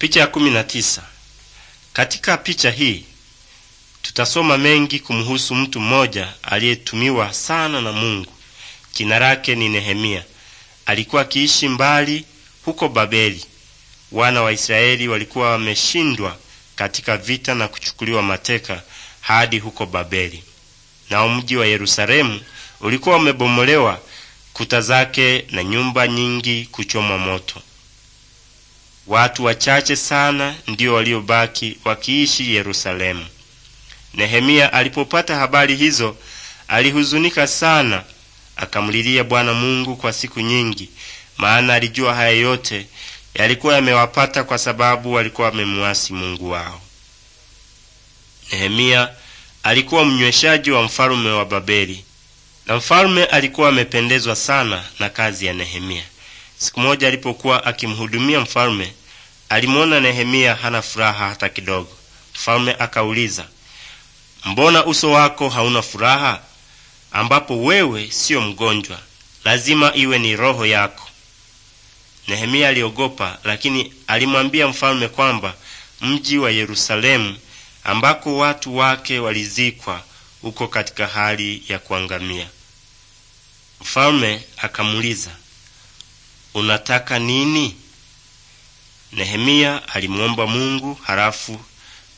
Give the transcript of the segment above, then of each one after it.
Picha ya kumi na tisa. Katika picha hii tutasoma mengi kumhusu mtu mmoja aliyetumiwa sana na Mungu. Jina lake ni Nehemia. Alikuwa akiishi mbali huko Babeli. Wana wa Israeli walikuwa wameshindwa katika vita na kuchukuliwa mateka hadi huko Babeli, nao mji wa Yerusalemu ulikuwa umebomolewa kuta zake na nyumba nyingi kuchomwa moto. Watu wachache sana ndio waliobaki wakiishi Yerusalemu. Nehemia alipopata habari hizo alihuzunika sana, akamlilia Bwana Mungu kwa siku nyingi, maana alijua haya yote yalikuwa yamewapata kwa sababu walikuwa wamemwasi Mungu wao. Nehemia alikuwa mnyweshaji wa mfalume wa Babeli, na mfalume alikuwa amependezwa sana na kazi ya Nehemia. Siku moja alipokuwa akimhudumia mfalme, alimwona Nehemia hana furaha hata kidogo. Mfalme akauliza, mbona uso wako hauna furaha, ambapo wewe siyo mgonjwa? Lazima iwe ni roho yako. Nehemia aliogopa, lakini alimwambia mfalme kwamba mji wa Yerusalemu ambako watu wake walizikwa uko katika hali ya kuangamia. Mfalme akamuuliza, unataka nini? Nehemia alimwomba Mungu, halafu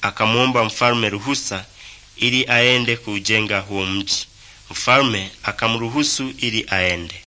akamwomba mfalme ruhusa ili aende kuujenga huo mji. Mfalme akamruhusu ili aende.